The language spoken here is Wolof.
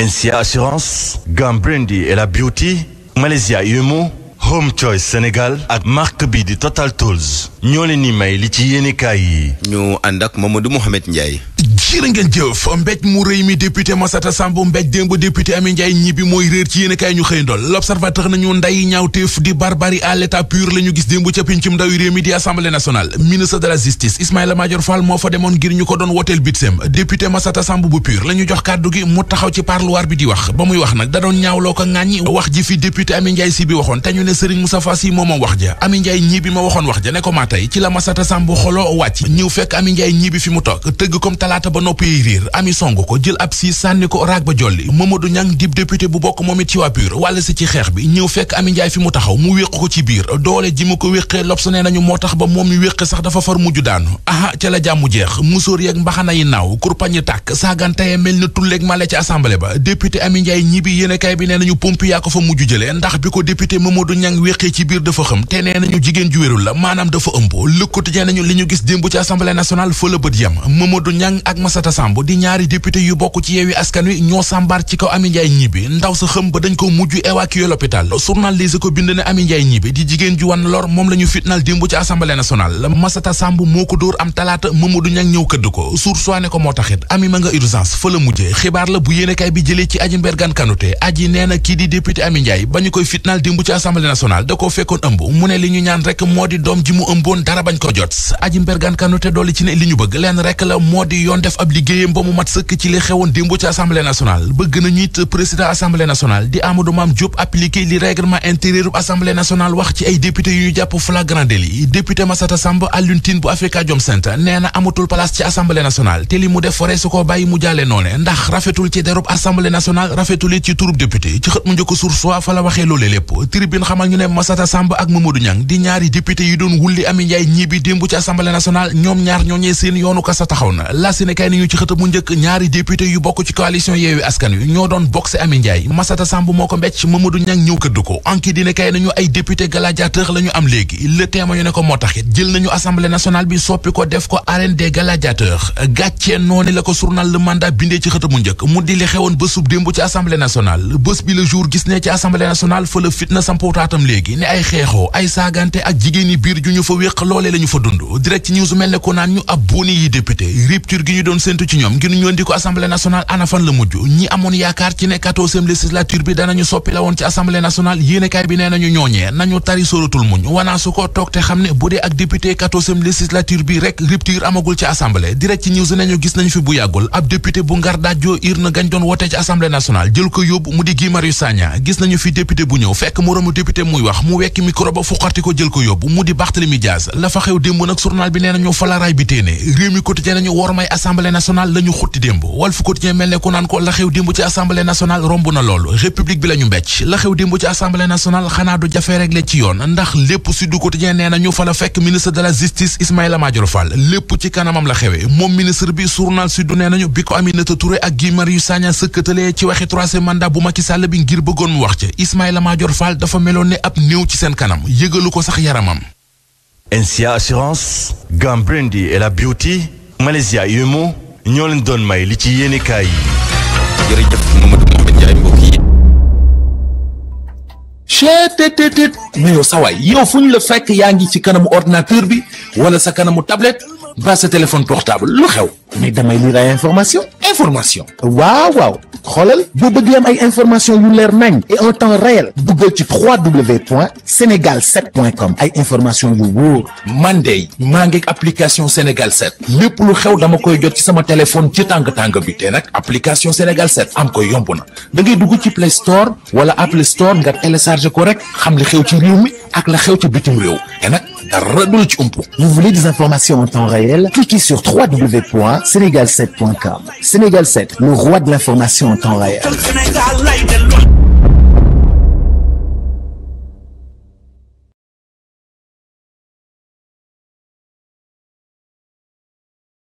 NCA Assurance Gambrendi et la Beauty Malaysia Yumu Home Choice Sénégal ak marque bi di Total Tools ñoo leen ni may li ci yéenekaay yi ñu ànd ak Mamadou Mohamed Ndiaye jërë ngeen jëf mbéj mu rëy mi député Massata Samb mbéj démb député Amy Ndiaye ñibbi mooy réer ci yéen kaay ñu xëy ndool l'observateur nañu nday ñaawteef di barbarie à l'état pur la gis démb ca pincum ndawi réew mi di assemblée nationale ministre de la justice Ismaïla Madior Fall moo fa demoon ngir ñu ko doon woteel bitsem député Massata Samb bu pur la jox kàddu gi mu taxaw ci parloir bi di wax ba muy wax nag da doon ñaawloo ko ŋàññi wax ji fi député Amy ba nopp yi riir ami song ko jël ab siis sànni ko raag ba jolli Mamadou Niang dib député bu bokk moom it ci waa wàll si ci xeex bi ñëw fekk Ami Njaay fi mu taxaw mu wéq ko ci biir doole ji mu ko wéqee lob sa nee nañu moo tax ba moom mi wéqe sax dafa far mujj daanu aha ca la jàmmu jeex musóor yeeg mbaxana yi naaw kurpañ yi tàkk saaganteye mel na tulleeg male ci assemblée ba député Ami Njaay ñibi yéenekaay bi nee nañu pompe yaa ko fa mujj jëlee ndax bi ko déput Mamadou Niang wéqee ci biir dafa xam te nee nañu jigéen ju wérul la maanaam dafa ëmb lëkkati nee li ñu gis démb ci assemblée nationale fa Massata Samb di ñaari député yu bokk ci Yewwi Askan Wi ñoo sàmbaar ci kaw Ami Njaay ñibbi ndaw sa xëm ba dañ ko mujj évacuer l'hôpital journal Les ko bind ne Ami Njaay ñibbi di jigéen ju wan lor moom la ñu fitnal démb ci Assemblée nationale Massata Samb moo ko dóor am talaata Mamadou Niang ñëw këdd ko sursoi ne ko moo taxit Ami ma nga urgence fa la mujjee xibaar la bu yéenekaay bi jële ci Adji Mbergane Kanouté Adji nee na kii di député Ami Njaay ba ñu koy fitnal démb ci Assemblée nationale da koo fekkoon ëmb li ñu ñaan rek moo di doom ji mu ëmboon dara bañ ko jot Adji Mbergane Kanouté ci ne li ñu bëgg leen rek la moo di yoon def ab liggéeyam ba mu mat sëkk ci li xewoon démb ci assemblée nationale bëgg nañu it président assemblée nationale di Amadou Mame Diop appliqué li règlement intérieur assemblée nationale wax ci ay député yu ñu jàpp flagrant délit député Massata Samb Alioune bu Africa Jom Center nee amatul place ci assemblée nationale te li mu def fore ko bàyyi mu jàllee noone ndax rafetul ci derub assemblée nationale rafetul ci turub député ci xët mu njëkk source wa fa la di ñaari député yi doon wulli Amy Ndiaye ñii bi démb ci assemblée nationale ñoom ñaar nañu ci xët mu njëkk ñaari député yu bokk ci coalition Yewwi Askan Wi ñoo doon boxe Amy Ndiaye Massata Samb moo ko mbecc Mamadou Niang ñëw këdd ko enquête dina kay nañu ay député gladiateur la am léegi le téema ñu ne ko moo taxit jël nañu assemblée nationale bi soppi ko def ko arène des gladiateurs gàccee la ko journal Le Mandat bindee ci xët mu njëkk mu di li xewoon démb ci assemblée nationale bés bi le jour gis ne ci assemblée nationale fa doon séntu ci ñoom ngir ñu andi assemblée nationale ana la mujj ñi amoon yaakaar ci ne quatorzième législature bi danañu soppi la woon ci assemblée nationale yéenekaay bi nee nañu ñooñee nañu tari sóoratul muñ wanaa ko toog te xam ne bu dee ak député quatorzième législature bi rek rupture amagul ci assemblée direct ci news nañu gis nañu fi bu yàggul ab député bu ngar daajjoo urne gañ doon wote ci assemblée nationale jël ko yóbbu mu assemblée la ñu xutti démb Walf Quotidien mel ne ku naan ko la xew démb ci assemblée nationale romb na loolu république bi la mbecc la xew démb ci assemblée nationale xanaa du jafee réglé ci yoon ndax lépp Sud Quotidien nee na fa la fekk ministre de la justice Ismaïla Madior Fall lépp ci kanamam la xewee moom ministre bi journal Sud nee nañu bi ko Aminata Touré ak Guy Marius Sagna sëkkatalee ci waxi troisième mandat bu Macky Sall bi ngir bëggoon mu Malaysia UMO ñoo leen doon may li ci yéenekaay yi. jërëjëf Mamadou Mouhamed Ndiaye mbokk yi. cheetetetet mais yow saa waay yow fu la fekk yaa ngi ci kanamu ordinateur bi wala sa kanamu tablet ba sa téléphone portable lu xew mais damay lire ay information information waaw waaw xoolal boo bëgg am ay information yu leer nañ et en temps réel duggal ci w point sénégal 7 ay information yu wóor man maa ngi application sénégal 7 lépp lu xew dama koy jot ci sama téléphone ci tàng tàng bi te nag application sénégal 7 am ko yomb na da ngay ci play store wala apple store nga télécharge ko rek xam li xew ci réew mi ak la xew ci bitim réew te nag dara Vous voulez des informations en temps réel? Cliquez sur www.senegal7.com. Sénégal 7, le roi de l'information en temps réel.